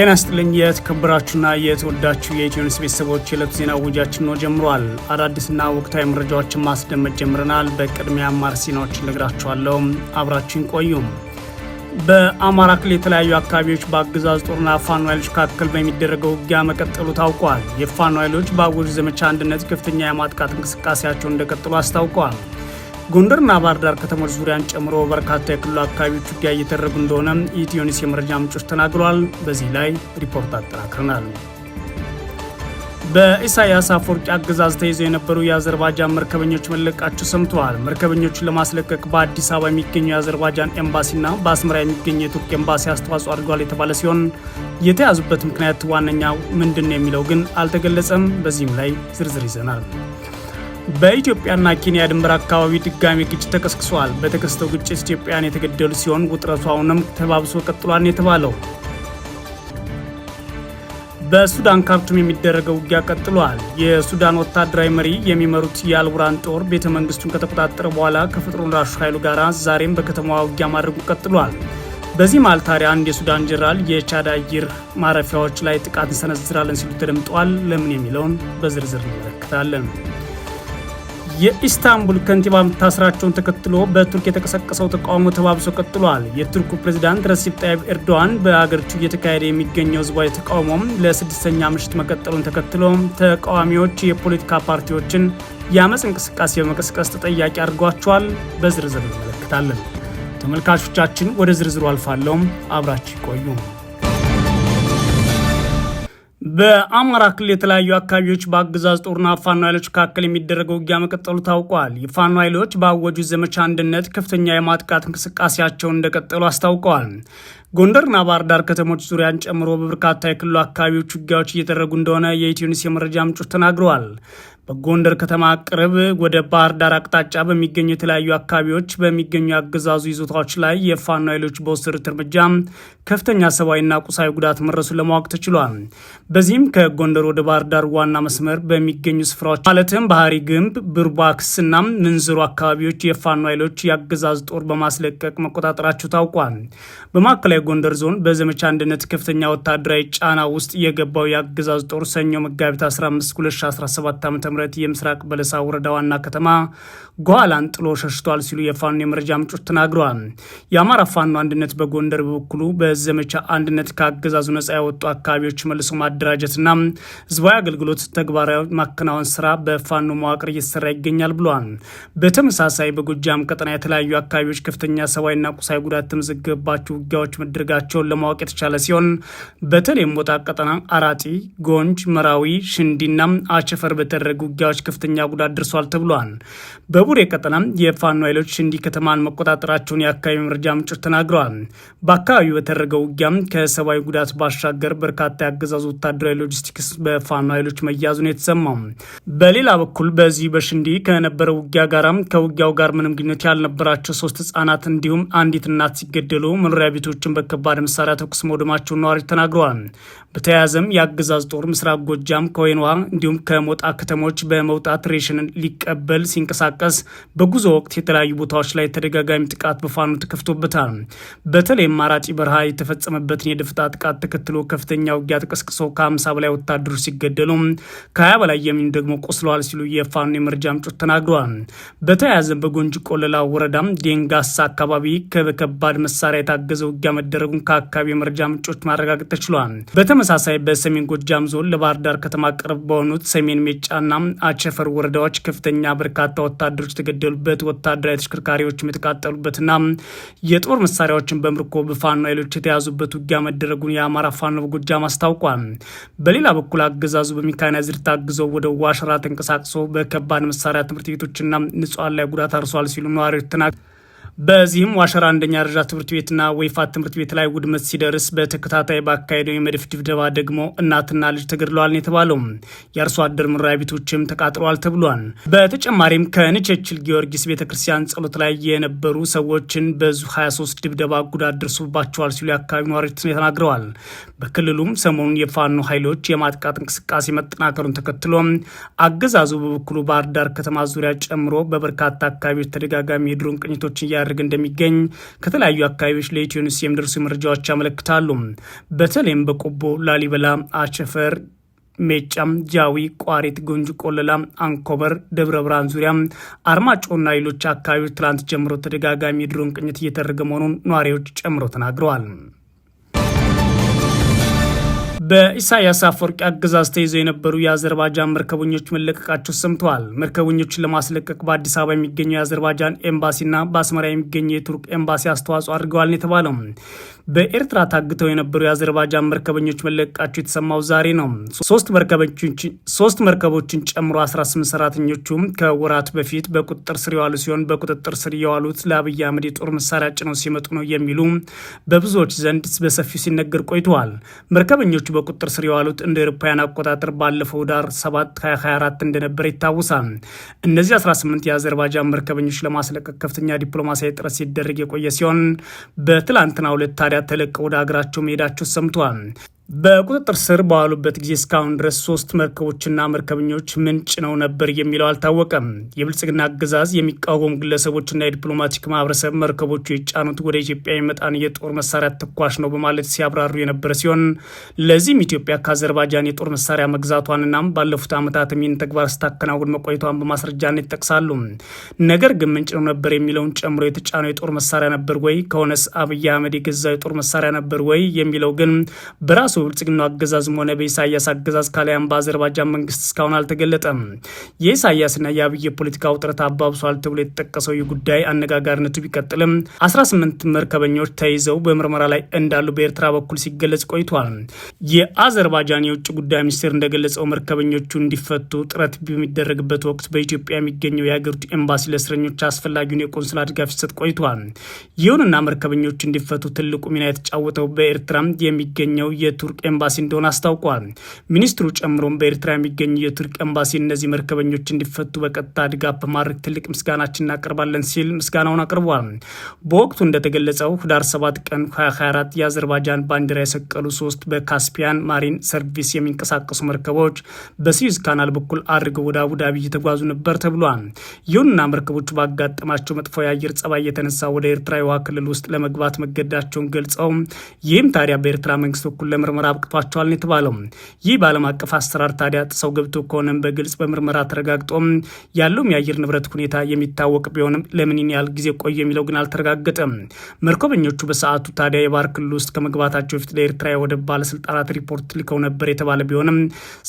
ጤና ስጥልኝ የተከበራችሁና የተወዳችሁ የኢትዮ ቤተሰቦች የዕለቱ ዜና ውጃችን ነው ጀምሯል። አዳዲስና ወቅታዊ መረጃዎችን ማስደመጥ ጀምረናል። በቅድሚያ አማር ዜናዎችን ነግራችኋለሁ፣ አብራችን ቆዩም። በአማራ ክልል የተለያዩ አካባቢዎች በአገዛዝ ጦርና ፋኖ ኃይሎች መካከል በሚደረገው ውጊያ መቀጠሉ ታውቋል። የፋኖ ኃይሎች በአጎሽ ዘመቻ አንድነት ከፍተኛ የማጥቃት እንቅስቃሴያቸውን እንደቀጠሉ አስታውቀዋል። ጎንደርና ባህር ዳር ከተሞች ዙሪያን ጨምሮ በርካታ የክልሉ አካባቢዎች ውጊያ እየተደረጉ እንደሆነ ኢትዮኒስ የመረጃ ምንጮች ተናግረዋል። በዚህ ላይ ሪፖርት አጠናክረናል። በኢሳያስ አፈወርቂ አገዛዝ ተይዘው የነበሩ የአዘርባጃን መርከበኞች መለቃቸው ሰምተዋል። መርከበኞቹን ለማስለቀቅ በአዲስ አበባ የሚገኘው የአዘርባጃን ኤምባሲና በአስመራ የሚገኘው የቱርክ ኤምባሲ አስተዋጽኦ አድርገዋል የተባለ ሲሆን የተያዙበት ምክንያት ዋነኛው ምንድን ነው የሚለው ግን አልተገለጸም። በዚህም ላይ ዝርዝር ይዘናል። በኢትዮጵያና ኬንያ ድንበር አካባቢ ድጋሚ ግጭት ተቀስቅሷል። በተከሰተው ግጭት ኢትዮጵያውያን የተገደሉ ሲሆን ውጥረቱ አሁንም ተባብሶ ቀጥሏል የተባለው። በሱዳን ካርቱም የሚደረገው ውጊያ ቀጥሏል። የሱዳን ወታደራዊ መሪ የሚመሩት የአልቡራን ጦር ቤተ መንግስቱን ከተቆጣጠረ በኋላ ከፈጥኖ ራሹ ኃይሉ ጋር ዛሬም በከተማዋ ውጊያ ማድረጉ ቀጥሏል። በዚህ መሃል ታዲያ አንድ የሱዳን ጀነራል የቻድ አየር ማረፊያዎች ላይ ጥቃት እንሰነዝራለን ሲሉ ተደምጠዋል። ለምን የሚለውን በዝርዝር እንመለከታለን። የኢስታንቡል ከንቲባ መታሰራቸውን ተከትሎ በቱርክ የተቀሰቀሰው ተቃውሞ ተባብሶ ቀጥሏል። የቱርኩ ፕሬዚዳንት ረሲፕ ጣይብ ኤርዶዋን በአገሪቱ እየተካሄደ የሚገኘው ህዝባዊ ተቃውሞም ለስድስተኛ ምሽት መቀጠሉን ተከትሎ ተቃዋሚዎች የፖለቲካ ፓርቲዎችን የአመፅ እንቅስቃሴ በመቀስቀስ ተጠያቂ አድርጓቸዋል። በዝርዝር እንመለከታለን። ተመልካቾቻችን ወደ ዝርዝሩ አልፋለውም፣ አብራችሁ ይቆዩ። በአማራ ክልል የተለያዩ አካባቢዎች በአገዛዝ ጦርና ፋኖ ኃይሎች መካከል የሚደረገው ውጊያ መቀጠሉ ታውቋል። የፋኖ ኃይሎች በአወጁ ዘመቻ አንድነት ከፍተኛ የማጥቃት እንቅስቃሴያቸውን እንደቀጠሉ አስታውቀዋል። ጎንደርና ባህር ዳር ከተሞች ዙሪያን ጨምሮ በበርካታ የክልሉ አካባቢዎች ውጊያዎች እየተደረጉ እንደሆነ የኢትዮኒስ የመረጃ ምንጮች ተናግረዋል። በጎንደር ከተማ ቅርብ ወደ ባህር ዳር አቅጣጫ በሚገኙ የተለያዩ አካባቢዎች በሚገኙ የአገዛዙ ይዞታዎች ላይ የፋኖ ኃይሎች በወሰዱት እርምጃ ከፍተኛ ሰብአዊና ቁሳዊ ጉዳት መድረሱን ለማወቅ ተችሏል። በዚህም ከጎንደር ወደ ባህር ዳር ዋና መስመር በሚገኙ ስፍራዎች ማለትም ባህሪ ግንብ፣ ብርባክስና ምንዝሩ አካባቢዎች የፋኖ ኃይሎች የአገዛዙ ጦር በማስለቀቅ መቆጣጠራቸው ታውቋል። በማዕከላዊ ማዕከላዊ ጎንደር ዞን በዘመቻ አንድነት ከፍተኛ ወታደራዊ ጫና ውስጥ የገባው የአገዛዝ ጦር ሰኞ መጋቢት 15 2017 ዓ ም የምስራቅ በለሳ ወረዳ ዋና ከተማ ጓላን ጥሎ ሸሽቷል ሲሉ የፋኖ የመረጃ ምንጮች ተናግረዋል። የአማራ ፋኖ አንድነት በጎንደር በበኩሉ በዘመቻ አንድነት ከአገዛዙ ነጻ ያወጡ አካባቢዎች መልሶ ማደራጀትና ህዝባዊ አገልግሎት ተግባራዊ ማከናወን ስራ በፋኖ መዋቅር እየተሰራ ይገኛል ብሏል። በተመሳሳይ በጎጃም ቀጠና የተለያዩ አካባቢዎች ከፍተኛ ሰብአዊና ቁሳዊ ጉዳት ተመዘገበባቸው ውጊያዎች መድረጋቸውን ለማወቅ የተቻለ ሲሆን በተለይም ሞጣ ቀጠና አራጢ፣ ጎንጅ፣ መራዊ፣ ሽንዲና አቸፈር በተደረጉ ውጊያዎች ከፍተኛ ጉዳት ደርሷል ተብሏል። በቡሬ ቀጠና የፋኖ ኃይሎች ሽንዲ ከተማን መቆጣጠራቸውን የአካባቢ መረጃ ምንጮች ተናግረዋል። በአካባቢው በተደረገው ውጊያ ከሰብአዊ ጉዳት ባሻገር በርካታ ያገዛዙ ወታደራዊ ሎጂስቲክስ በፋኖ ኃይሎች መያዙን የተሰማው። በሌላ በኩል በዚህ በሽንዲ ከነበረው ውጊያ ጋራም ከውጊያው ጋር ምንም ግንኙነት ያልነበራቸው ሶስት ህጻናት እንዲሁም አንዲት እናት ሲገደሉ መኖሪያ ቤቶችን በከባድ መሳሪያ ተኩስ መውደማቸውን ነዋሪዎች ተናግረዋል። በተያያዘም የአገዛዝ ጦር ምስራቅ ጎጃም ከወይንዋ እንዲሁም ከሞጣ ከተሞች በመውጣት ሬሽን ሊቀበል ሲንቀሳቀስ በጉዞ ወቅት የተለያዩ ቦታዎች ላይ ተደጋጋሚ ጥቃት በፋኖ ተከፍቶበታል። በተለይም ማራጭ በረሃ የተፈጸመበትን የደፍጣ ጥቃት ተከትሎ ከፍተኛ ውጊያ ተቀስቅሶ ከ50 በላይ ወታደሮች ሲገደሉ ከ20 በላይ የሚኑ ደግሞ ቆስለዋል ሲሉ የፋኑ የመረጃ ምንጮች ተናግረዋል። በተያያዘም በጎንጂ ቆለላ ወረዳም ዴንጋሳ አካባቢ በከባድ መሳሪያ የታገዘ ውጊያ መደረጉን ከአካባቢ የመረጃ ምንጮች ማረጋገጥ ተችሏል። በተመሳሳይ በሰሜን ጎጃም ዞን ለባህር ዳር ከተማ ቅርብ በሆኑት ሰሜን ሜጫና አቸፈር ወረዳዎች ከፍተኛ በርካታ ወታደሮች የተገደሉበት ወታደራዊ ተሽከርካሪዎች የተቃጠሉበትና የጦር መሳሪያዎችን በምርኮ በፋኖ ኃይሎች የተያዙበት ውጊያ መደረጉን የአማራ ፋኖ በጎጃም አስታውቋል። በሌላ በኩል አገዛዙ በሜካናይዝድ ታግዘው ወደ ዋሸራ ተንቀሳቅሶ በከባድ መሳሪያ ትምህርት ቤቶችና ንጹሐን ላይ ጉዳት አርሷል ሲሉ ነዋሪዎች ተናግረዋል። በዚህም ዋሸራ አንደኛ ደረጃ ትምህርት ቤትና ወይፋ ትምህርት ቤት ላይ ውድመት ሲደርስ በተከታታይ ባካሄደው የመድፍ ድብደባ ደግሞ እናትና ልጅ ተገድለዋል ነው የተባለው። የአርሶ አደር መኖሪያ ቤቶችም ተቃጥለዋል ተብሏል። በተጨማሪም ከንቸችል ጊዮርጊስ ቤተክርስቲያን ጸሎት ላይ የነበሩ ሰዎችን በዙ 23 ድብደባ ጉዳት ደርሶባቸዋል ሲሉ የአካባቢ ነዋሪዎች ተናግረዋል። በክልሉም ሰሞኑን የፋኖ ኃይሎች የማጥቃት እንቅስቃሴ መጠናከሩን ተከትሎ አገዛዙ በበኩሉ ባህር ዳር ከተማ ዙሪያ ጨምሮ በበርካታ አካባቢዎች ተደጋጋሚ የድሮን ቅኝቶችን እያ ሲያደርግ እንደሚገኝ ከተለያዩ አካባቢዎች ለኢትዮ ኒውስ የሚደርሱ መረጃዎች ያመለክታሉ። በተለይም በቆቦ፣ ላሊበላ፣ አቸፈር ሜጫም፣ ጃዊ፣ ቋሪት፣ ጉንጅ፣ ቆለላ፣ አንኮበር፣ ደብረ ብርሃን ዙሪያ፣ አርማጮና ሌሎች አካባቢዎች ትላንት ጀምሮ ተደጋጋሚ የድሮን ቅኝት እየተደረገ መሆኑን ነዋሪዎች ጨምሮ ተናግረዋል። በኢሳያስ አፈወርቂ አገዛዝ ተይዘው የነበሩ የአዘርባጃን መርከበኞች መለቀቃቸው ሰምተዋል። መርከበኞችን ለማስለቀቅ በአዲስ አበባ የሚገኘው የአዘርባጃን ኤምባሲና በአስመራ የሚገኘው የቱርክ ኤምባሲ አስተዋጽኦ አድርገዋል ነው የተባለው። በኤርትራ ታግተው የነበሩ የአዘርባጃን መርከበኞች መለቀቃቸው የተሰማው ዛሬ ነው። ሶስት መርከቦችን ጨምሮ 18 ሰራተኞቹም ከወራት በፊት በቁጥጥር ስር የዋሉ ሲሆን በቁጥጥር ስር የዋሉት ለአብይ አህመድ የጦር መሳሪያ ጭነው ሲመጡ ነው የሚሉ በብዙዎች ዘንድ በሰፊው ሲነገር ቆይተዋል። መርከበኞቹ በቁጥጥር ስር የዋሉት እንደ ኤሮፓውያን አቆጣጠር ባለፈው ዳር 7 2024 እንደነበረ ይታወሳል። እነዚህ 18 የአዘርባጃን መርከበኞች ለማስለቀቅ ከፍተኛ ዲፕሎማሲያዊ ጥረት ሲደረግ የቆየ ሲሆን በትላንትና ሁለት ታዲያ ተለቀው ወደ ሀገራቸው መሄዳቸው ሰምቷል። በቁጥጥር ስር በዋሉበት ጊዜ እስካሁን ድረስ ሶስት መርከቦችና መርከበኞች ምንጭ ነው ነበር የሚለው አልታወቀም። የብልጽግና አገዛዝ የሚቃወሙ ግለሰቦችና የዲፕሎማቲክ ማህበረሰብ መርከቦቹ የጫኑት ወደ ኢትዮጵያ የሚመጣን የጦር መሳሪያ ተኳሽ ነው በማለት ሲያብራሩ የነበረ ሲሆን ለዚህም ኢትዮጵያ ከአዘርባጃን የጦር መሳሪያ መግዛቷንና ባለፉት ዓመታትም ይህን ተግባር ስታከናውን መቆየቷን በማስረጃነት ይጠቅሳሉ። ነገር ግን ምንጭ ነው ነበር የሚለውን ጨምሮ የተጫነው የጦር መሳሪያ ነበር ወይ? ከሆነስ አብይ አህመድ የገዛው የጦር መሳሪያ ነበር ወይ? የሚለው ግን በራሱ ብልጽግና አገዛዝም ሆነ በኢሳያስ አገዛዝ ካሊያም በአዘርባጃን መንግስት እስካሁን አልተገለጠም። የኢሳያስና የአብይ የፖለቲካ ውጥረት አባብሷል ተብሎ የተጠቀሰው ይህ ጉዳይ አነጋጋሪነቱ ቢቀጥልም 18 መርከበኞች ተይዘው በምርመራ ላይ እንዳሉ በኤርትራ በኩል ሲገለጽ ቆይቷል። የአዘርባጃን የውጭ ጉዳይ ሚኒስቴር እንደገለጸው መርከበኞቹ እንዲፈቱ ጥረት በሚደረግበት ወቅት በኢትዮጵያ የሚገኘው የሀገሪቱ ኤምባሲ ለእስረኞች አስፈላጊውን የቆንስላ ድጋፍ ሲሰጥ ቆይቷል። ይሁንና መርከበኞቹ እንዲፈቱ ትልቁ ሚና የተጫወተው በኤርትራ የሚገኘው የቱ የቱርክ ኤምባሲ እንደሆነ አስታውቋል። ሚኒስትሩ ጨምሮም በኤርትራ የሚገኙ የቱርክ ኤምባሲ እነዚህ መርከበኞች እንዲፈቱ በቀጥታ ድጋፍ በማድረግ ትልቅ ምስጋናችን እናቀርባለን ሲል ምስጋናውን አቅርቧል። በወቅቱ እንደተገለጸው ህዳር 7 ቀን 2024 የአዘርባይጃን ባንዲራ የሰቀሉ ሶስት በካስፒያን ማሪን ሰርቪስ የሚንቀሳቀሱ መርከቦች በስዊዝ ካናል በኩል አድርገው ወደ አቡዳቢ እየተጓዙ ነበር ተብሏል። ይሁንና መርከቦቹ ባጋጠማቸው መጥፎ የአየር ጸባይ የተነሳ ወደ ኤርትራ የውሃ ክልል ውስጥ ለመግባት መገደዳቸውን ገልጸው ይህም ታዲያ በኤርትራ መንግስት በኩል ለምርመራ ለምርመራ አብቅቷቸዋል ነው የተባለው። ይህ በዓለም አቀፍ አሰራር ታዲያ ጥሰው ገብቶ ከሆነም በግልጽ በምርመራ ተረጋግጦ ያለውም የአየር ንብረት ሁኔታ የሚታወቅ ቢሆንም ለምን ያህል ጊዜ ቆየ የሚለው ግን አልተረጋገጠም። መርከበኞቹ በሰዓቱ ታዲያ የባህር ክልል ውስጥ ከመግባታቸው በፊት ለኤርትራ የወደብ ባለስልጣናት ሪፖርት ልከው ነበር የተባለ ቢሆንም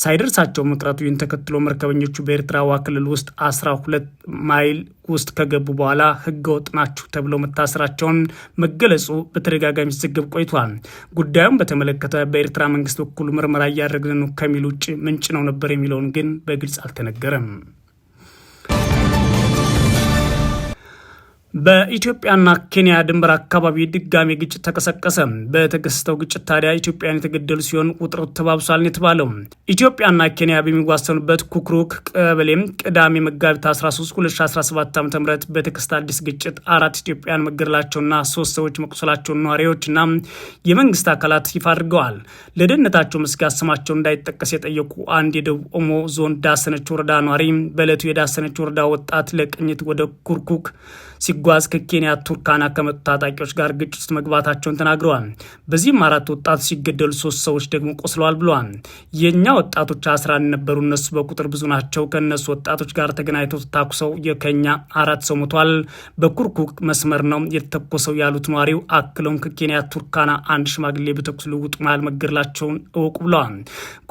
ሳይደርሳቸው መቅረቱ ይህን ተከትሎ መርከበኞቹ በኤርትራዋ ክልል ውስጥ አስራ ሁለት ማይል ውስጥ ከገቡ በኋላ ህገወጥ ናችሁ ተብለው መታሰራቸውን መገለጹ በተደጋጋሚ ሲዘገብ ቆይቷል። ጉዳዩን በተመለከተ በኤርትራ መንግስት በኩል ምርመራ እያደረግን ነው ከሚል ውጭ ምንጭ ነው ነበር የሚለውን ግን በግልጽ አልተነገረም። በኢትዮጵያና ኬንያ ድንበር አካባቢ ድጋሜ ግጭት ተቀሰቀሰ። በተከሰተው ግጭት ታዲያ ኢትዮጵያን የተገደሉ ሲሆን ቁጥሩ ተባብሷል የተባለው ኢትዮጵያና ኬንያ በሚዋሰኑበት ኩክሩክ ቀበሌም ቅዳሜ መጋቢት 13 2017 ዓ.ም በተከሰተ አዲስ ግጭት አራት ኢትዮጵያን መገደላቸውና ሶስት ሰዎች መቁሰላቸውን ነዋሪዎችና የመንግስት አካላት ይፋ አድርገዋል። ለደህንነታቸው መስጋት ስማቸው እንዳይጠቀስ የጠየቁ አንድ የደቡብ ኦሞ ዞን ዳሰነች ወረዳ ነዋሪ በዕለቱ የዳሰነች ወረዳ ወጣት ለቅኝት ወደ ኩርኩክ ሲጓዝ ከኬንያ ቱርካና ከመጡ ታጣቂዎች ጋር ግጭት ውስጥ መግባታቸውን ተናግረዋል። በዚህም አራት ወጣት ሲገደሉ ሶስት ሰዎች ደግሞ ቆስለዋል ብለዋል። የእኛ ወጣቶች አስራ ነበሩ፣ እነሱ በቁጥር ብዙ ናቸው። ከእነሱ ወጣቶች ጋር ተገናኝተው ተታኩሰው የከኛ አራት ሰው ሞቷል። በኩርኩክ መስመር ነው የተተኮሰው ያሉት ነዋሪው አክለውም ከኬንያ ቱርካና አንድ ሽማግሌ በተኩስ ልውውጥ መሃል መገደላቸውን እወቁ ብለዋል።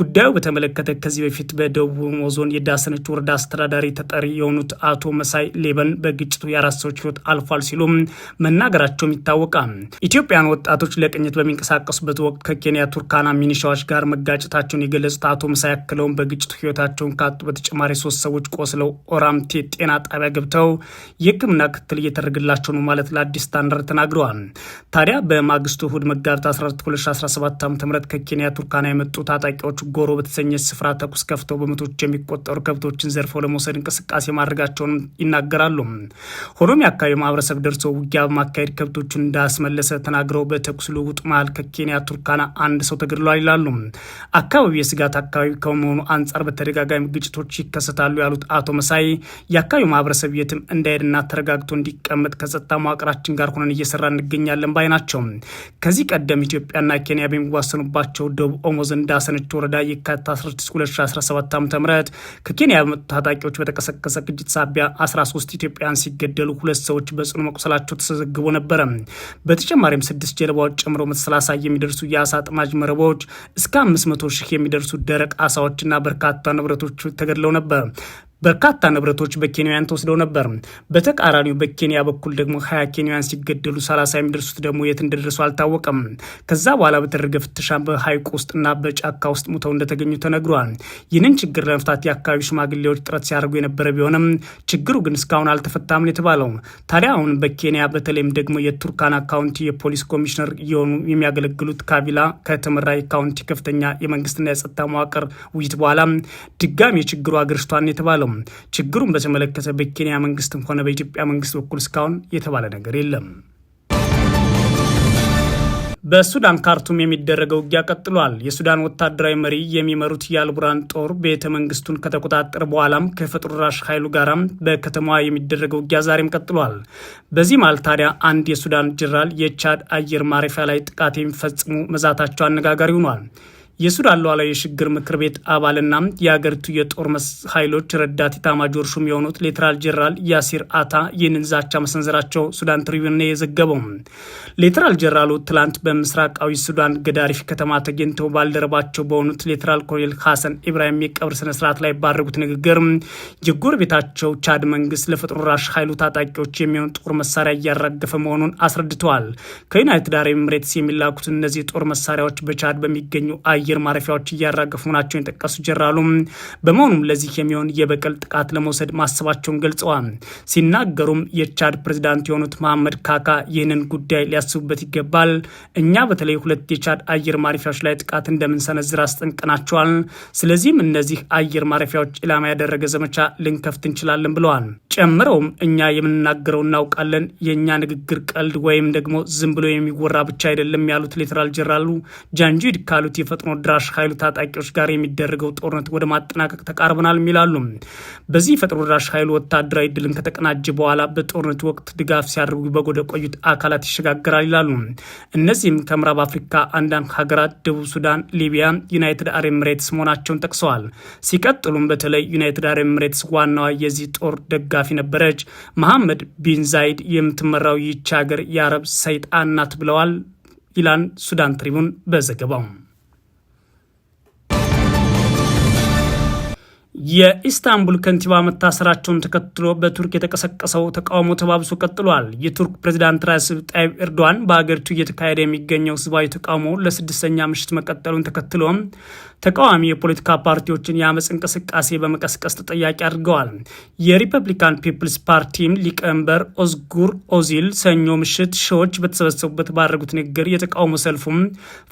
ጉዳዩ በተመለከተ ከዚህ በፊት በደቡብ ኦሞ ዞን የዳሰነች ወረዳ አስተዳዳሪ ተጠሪ የሆኑት አቶ መሳይ ሌበን በግጭቱ የአራት ሰዎች ወጣቶች ህይወት አልፏል ሲሉ መናገራቸውም ይታወቃል። ኢትዮጵያን ወጣቶች ለቅኝት በሚንቀሳቀሱበት ወቅት ከኬንያ ቱርካና ሚኒሻዎች ጋር መጋጨታቸውን የገለጹት አቶ ምሳይ አክለውም በግጭቱ ህይወታቸውን ካጡ በተጨማሪ ሶስት ሰዎች ቆስለው ኦራምቴ ጤና ጣቢያ ገብተው የህክምና ክትትል እየተደረገላቸው ነው ማለት ለአዲስ ስታንዳርድ ተናግረዋል። ታዲያ በማግስቱ እሁድ መጋቢት 14 2017 ዓ ም ከኬንያ ቱርካና የመጡ ታጣቂዎች ጎሮ በተሰኘ ስፍራ ተኩስ ከፍተው በመቶች የሚቆጠሩ ከብቶችን ዘርፈው ለመውሰድ እንቅስቃሴ ማድረጋቸውን ይናገራሉ። ሆኖም አካባቢ ማህበረሰብ ደርሶ ውጊያ በማካሄድ ከብቶቹን እንዳስመለሰ ተናግረው በተኩስ ልውውጥ መሀል ከኬንያ ቱርካና አንድ ሰው ተገድሏል ይላሉ። አካባቢው የስጋት አካባቢ ከመሆኑ አንጻር በተደጋጋሚ ግጭቶች ይከሰታሉ ያሉት አቶ መሳይ የአካባቢው ማህበረሰብ የትም እንዳይሄድና ተረጋግቶ እንዲቀመጥ ከጸጥታ መዋቅራችን ጋር ሆነን እየሰራ እንገኛለን ባይ ናቸው። ከዚህ ቀደም ኢትዮጵያና ኬንያ በሚዋሰኑባቸው ደቡብ ኦሞ ዞን ዳሰነች ወረዳ የካቲት 16 2017 ዓ ም ከኬንያ በመጡ ታጣቂዎች በተቀሰቀሰ ግጭት ሳቢያ 13 ኢትዮጵያውያን ሲገደሉ ሁለት ሰዎች በጽኑ መቁሰላቸው ተዘግቦ ነበረ። በተጨማሪም ስድስት ጀልባዎች ጨምሮ መሰላሳ የሚደርሱ የአሳ ጥማጅ መረቦች እስከ አምስት መቶ ሺህ የሚደርሱ ደረቅ አሳዎችና በርካታ ንብረቶች ተገድለው ነበር። በርካታ ንብረቶች በኬንያውያን ተወስደው ነበር። በተቃራኒው በኬንያ በኩል ደግሞ ሀያ ኬንያውያን ሲገደሉ ሰላሳ የሚደርሱት ደግሞ የት እንደደረሱ አልታወቀም። ከዛ በኋላ በተደረገ ፍተሻ በሀይቅ ውስጥና በጫካ ውስጥ ሙተው እንደተገኙ ተነግሯል። ይህንን ችግር ለመፍታት የአካባቢው ሽማግሌዎች ጥረት ሲያደርጉ የነበረ ቢሆንም ችግሩ ግን እስካሁን አልተፈታምን የተባለው ታዲያ አሁን በኬንያ በተለይም ደግሞ የቱርካና ካውንቲ የፖሊስ ኮሚሽነር እየሆኑ የሚያገለግሉት ካቢላ ከተመራይ ካውንቲ ከፍተኛ የመንግስትና የጸጥታ መዋቅር ውይይት በኋላ ድጋሚ የችግሩ አገርሽቷን የተባለው አለው። ችግሩን በተመለከተ በኬንያ መንግስትም ሆነ በኢትዮጵያ መንግስት በኩል እስካሁን የተባለ ነገር የለም። በሱዳን ካርቱም የሚደረገው ውጊያ ቀጥሏል። የሱዳን ወታደራዊ መሪ የሚመሩት የአልቡራን ጦር ቤተ መንግስቱን ከተቆጣጠረ በኋላም ከፈጥኖ ደራሽ ኃይሉ ጋራም በከተማዋ የሚደረገው ውጊያ ዛሬም ቀጥሏል። በዚህ መሃል ታዲያ አንድ የሱዳን ጀነራል የቻድ አየር ማረፊያ ላይ ጥቃት የሚፈጽሙ መዛታቸው አነጋጋሪ ሆኗል። የሱዳን ሉዓላዊ የሽግግር ምክር ቤት አባልና የአገሪቱ የጦር ኃይሎች ረዳት ኢታማጆር ሹም የሆኑት ሌተናል ጀነራል ያሲር አታ ይህንን ዛቻ መሰንዘራቸው ሱዳን ትሪቢዩን የዘገበው። ሌተናል ጀነራሉ ትላንት በምስራቃዊ ሱዳን ገዳሪፍ ከተማ ተገኝተው ባልደረባቸው በሆኑት ሌተናል ኮሎኔል ሀሰን ኢብራሂም የቀብር ስነስርዓት ላይ ባደረጉት ንግግር የጎረቤታቸው ቻድ መንግስት ለፈጥኖ ደራሽ ኃይሉ ታጣቂዎች የሚሆን ጦር መሳሪያ እያራገፈ መሆኑን አስረድተዋል። ከዩናይትድ አረብ ኤምሬትስ የሚላኩት እነዚህ ጦር መሳሪያዎች በቻድ በሚገኙ አይ አየር ማረፊያዎች እያራገፉ ናቸው የጠቀሱ ጀራሉ በመሆኑም ለዚህ የሚሆን የበቀል ጥቃት ለመውሰድ ማሰባቸውን ገልጸዋል። ሲናገሩም የቻድ ፕሬዚዳንት የሆኑት መሐመድ ካካ ይህንን ጉዳይ ሊያስቡበት ይገባል። እኛ በተለይ ሁለት የቻድ አየር ማረፊያዎች ላይ ጥቃት እንደምንሰነዝር አስጠንቅናቸዋል። ስለዚህም እነዚህ አየር ማረፊያዎች ኢላማ ያደረገ ዘመቻ ልንከፍት እንችላለን ብለዋል። ጨምረውም እኛ የምንናገረው እናውቃለን፣ የእኛ ንግግር ቀልድ ወይም ደግሞ ዝም ብሎ የሚወራ ብቻ አይደለም ያሉት ሌተናል ጀነራሉ ጃንጂድ ካሉት የፈጥኖ ድራሽ ኃይል ታጣቂዎች ጋር የሚደረገው ጦርነት ወደ ማጠናቀቅ ተቃርበናል ይላሉ። በዚህ ፈጥኖ ድራሽ ኃይሉ ወታደራዊ ድልን ከተቀናጀ በኋላ በጦርነት ወቅት ድጋፍ ሲያደርጉ በጎደ ቆዩት አካላት ይሸጋገራል ይላሉ። እነዚህም ከምዕራብ አፍሪካ አንዳንድ ሀገራት፣ ደቡብ ሱዳን፣ ሊቢያ፣ ዩናይትድ አረብ ኤምሬትስ መሆናቸውን ጠቅሰዋል። ሲቀጥሉም በተለይ ዩናይትድ አረብ ኤምሬትስ ዋናዋ የዚህ ጦር ደጋፊ ነበረች። መሐመድ ቢን ዛይድ የምትመራው ይቺ ሀገር የአረብ ሰይጣን ናት ብለዋል ይላል ሱዳን ትሪቡን በዘገባው። የኢስታንቡል ከንቲባ መታሰራቸውን ተከትሎ በቱርክ የተቀሰቀሰው ተቃውሞ ተባብሶ ቀጥሏል። የቱርክ ፕሬዚዳንት ራሲብ ጣይብ ኤርዶዋን በሀገሪቱ እየተካሄደ የሚገኘው ህዝባዊ ተቃውሞ ለስድስተኛ ምሽት መቀጠሉን ተከትሎ ተቃዋሚ የፖለቲካ ፓርቲዎችን የአመፅ እንቅስቃሴ በመቀስቀስ ተጠያቂ አድርገዋል። የሪፐብሊካን ፒፕልስ ፓርቲም ሊቀመንበር ኦዝጉር ኦዚል ሰኞ ምሽት ሺዎች በተሰበሰቡበት ባደረጉት ንግግር የተቃውሞ ሰልፉም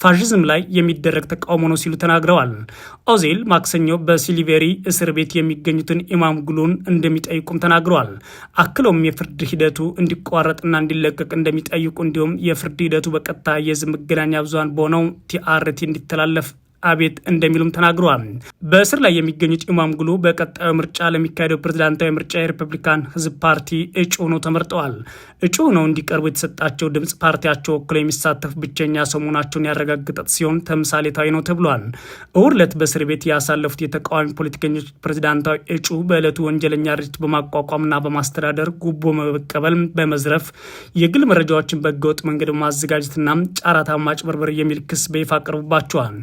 ፋሽዝም ላይ የሚደረግ ተቃውሞ ነው ሲሉ ተናግረዋል። ኦዚል ማክሰኞ በሲሊቬሪ እስር ቤት የሚገኙትን ኢማም ጉሉን እንደሚጠይቁም ተናግረዋል። አክለውም የፍርድ ሂደቱ እንዲቋረጥና እንዲለቀቅ እንደሚጠይቁ እንዲሁም የፍርድ ሂደቱ በቀጥታ የህዝብ መገናኛ ብዙሃን በሆነው ቲአርቲ እንዲተላለፍ አቤት እንደሚሉም ተናግረዋል። በእስር ላይ የሚገኙት ኢማም ጉሉ በቀጣዩ ምርጫ ለሚካሄደው ፕሬዚዳንታዊ ምርጫ የሪፐብሊካን ህዝብ ፓርቲ እጩ ሆነው ተመርጠዋል። እጩ ሆነው እንዲቀርቡ የተሰጣቸው ድምፅ ፓርቲያቸው ወክለው የሚሳተፍ ብቸኛ ሰው መሆናቸውን ያረጋግጠት ሲሆን ተምሳሌታዊ ነው ተብሏል። እሁድ ዕለት በእስር ቤት ያሳለፉት የተቃዋሚ ፖለቲከኞች ፕሬዝዳንታዊ እጩ በዕለቱ ወንጀለኛ ድርጅት በማቋቋምና በማስተዳደር ጉቦ መቀበል፣ በመዝረፍ የግል መረጃዎችን በህገወጥ መንገድ በማዘጋጀትና ጫራታማጭ ማጭበርበር የሚል ክስ በይፋ ቀርቡባቸዋል።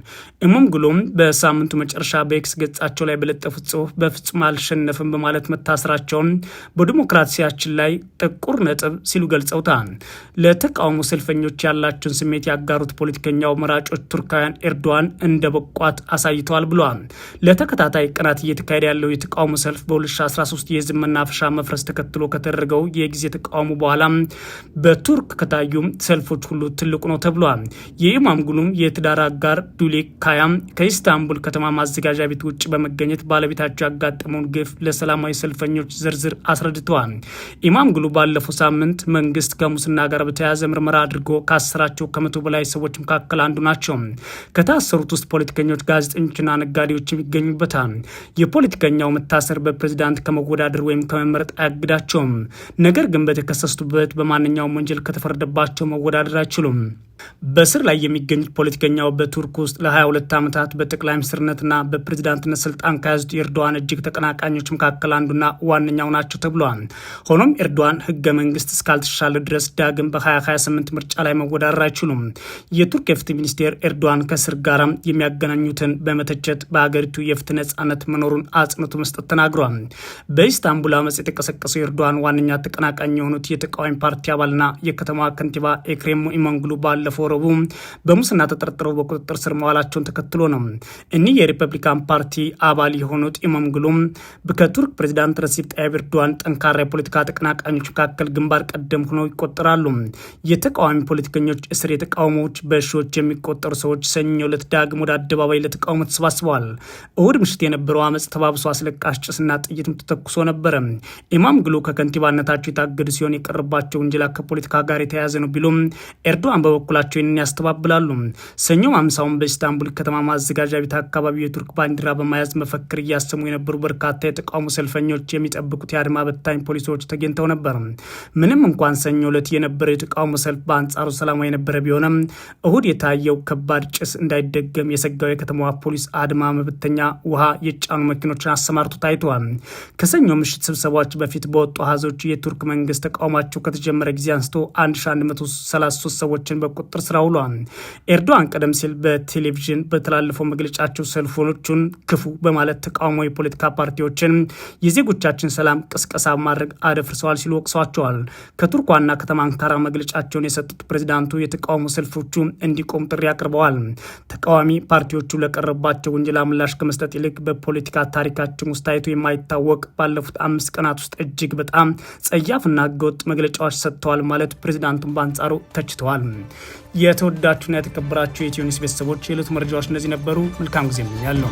ደግሞም ግሎም በሳምንቱ መጨረሻ በኤክስ ገጻቸው ላይ በለጠፉት ጽሁፍ በፍጹም አልሸነፍም በማለት መታሰራቸውን በዲሞክራሲያችን ላይ ጥቁር ነጥብ ሲሉ ገልጸውታል። ለተቃውሞ ሰልፈኞች ያላቸውን ስሜት ያጋሩት ፖለቲከኛው መራጮች ቱርካውያን ኤርዶዋን እንደ በቋት አሳይተዋል ብሏል። ለተከታታይ ቀናት እየተካሄደ ያለው የተቃውሞ ሰልፍ በ2013 የህዝብ መናፈሻ መፍረስ ተከትሎ ከተደረገው የጊዜ ተቃውሞ በኋላ በቱርክ ከታዩ ሰልፎች ሁሉ ትልቁ ነው ተብሏል። ጉሉም የትዳር አጋር ዱሌ ካያ ሻእቢያ ከኢስታንቡል ከተማ ማዘጋጃ ቤት ውጭ በመገኘት ባለቤታቸው ያጋጠመውን ግፍ ለሰላማዊ ሰልፈኞች ዝርዝር አስረድተዋል። ኢማም ግሉ ባለፈው ሳምንት መንግስት ከሙስና ጋር በተያያዘ ምርመራ አድርጎ ካሰራቸው ከመቶ በላይ ሰዎች መካከል አንዱ ናቸው። ከታሰሩት ውስጥ ፖለቲከኞች፣ ጋዜጠኞችና ነጋዴዎች ይገኙበታል። የፖለቲከኛው መታሰር በፕሬዚዳንት ከመወዳደር ወይም ከመመረጥ አያግዳቸውም። ነገር ግን በተከሰሱበት በማንኛውም ወንጀል ከተፈረደባቸው መወዳደር አይችሉም። በስር ላይ የሚገኙት ፖለቲከኛው በቱርክ ውስጥ ለ22 ዓመታት በጠቅላይ ሚኒስትርነትና በፕሬዚዳንትነት ስልጣን ከያዙት የኤርዶዋን እጅግ ተቀናቃኞች መካከል አንዱና ዋነኛው ናቸው ተብሏል። ሆኖም ኤርዶዋን ህገ መንግስት እስካልተሻለ ድረስ ዳግም በ2028 ምርጫ ላይ መወዳደር አይችሉም። የቱርክ የፍትህ ሚኒስቴር ኤርዶዋን ከስር ጋር የሚያገናኙትን በመተቸት በሀገሪቱ የፍትህ ነጻነት መኖሩን አጽንኦት መስጠት ተናግሯል። በኢስታንቡል አመፅ የተቀሰቀሰው የኤርዶዋን ዋነኛ ተቀናቃኝ የሆኑት የተቃዋሚ ፓርቲ አባልና የከተማዋ ከንቲባ ኤክሬም ኢማንግሉ ባለ ባለፈው ረቡዕ በሙስና ተጠርጥረው በቁጥጥር ስር መዋላቸውን ተከትሎ ነው። እኒህ የሪፐብሊካን ፓርቲ አባል የሆኑት ኢማም ግሉም ከቱርክ ፕሬዚዳንት ረሲፕ ጣይብ ኤርዶዋን ጠንካራ የፖለቲካ ተቀናቃኞች መካከል ግንባር ቀደም ሆነው ይቆጠራሉ። የተቃዋሚ ፖለቲከኞች እስር የተቃውሞዎች በሺዎች የሚቆጠሩ ሰዎች ሰኞ ዕለት ዳግም ወደ አደባባይ ለተቃውሞ ተሰባስበዋል። እሁድ ምሽት የነበረው አመፅ ተባብሶ አስለቃሽ ጭስና ጥይትም ተተኩሶ ነበረ። ኢማም ግሉ ከከንቲባነታቸው የታገዱ ሲሆን የቀረባቸው ውንጀላ ከፖለቲካ ጋር የተያያዘ ነው ቢሉም ኤርዶዋን በበኩላ በበኩላቸው ይህንን ያስተባብላሉ። ሰኞ ማምሳውን በኢስታንቡል ከተማ ማዘጋጃ ቤት አካባቢ የቱርክ ባንዲራ በመያዝ መፈክር እያሰሙ የነበሩ በርካታ የተቃውሞ ሰልፈኞች የሚጠብቁት የአድማ በታኝ ፖሊሶች ተገኝተው ነበር። ምንም እንኳን ሰኞ ዕለት የነበረው የተቃውሞ ሰልፍ በአንጻሩ ሰላማዊ የነበረ ቢሆንም እሁድ የታየው ከባድ ጭስ እንዳይደገም የሰጋው የከተማዋ ፖሊስ አድማ መበተኛ ውሃ የጫኑ መኪኖችን አሰማርቶ ታይተዋል። ከሰኞ ምሽት ስብሰባዎች በፊት በወጡ አሃዞች የቱርክ መንግስት ተቃውሟቸው ከተጀመረ ጊዜ አንስቶ 1133 ሰዎችን በቁ ቁጥጥር ስር አውሏል። ኤርዶዋን ቀደም ሲል በቴሌቪዥን በተላለፈው መግለጫቸው ሰልፎቹን ክፉ በማለት ተቃውሞ የፖለቲካ ፓርቲዎችን የዜጎቻችን ሰላም ቅስቀሳ ማድረግ አደፍርሰዋል ሲሉ ወቅሰዋቸዋል። ከቱርክ ዋና ከተማ አንካራ መግለጫቸውን የሰጡት ፕሬዚዳንቱ የተቃውሞ ሰልፎቹ እንዲቆም ጥሪ አቅርበዋል። ተቃዋሚ ፓርቲዎቹ ለቀረባቸው ውንጀላ ምላሽ ከመስጠት ይልቅ በፖለቲካ ታሪካችን ውስጥ ታይቶ የማይታወቅ ባለፉት አምስት ቀናት ውስጥ እጅግ በጣም ጸያፍና ህገወጥ መግለጫዎች ሰጥተዋል ማለት ፕሬዚዳንቱን በአንጻሩ ተችተዋል። የተወዳችሁና የተከበራችሁ የኢትዮኒውስ ቤተሰቦች የዕለቱ መረጃዎች እነዚህ ነበሩ። መልካም ጊዜ እመኛለሁ።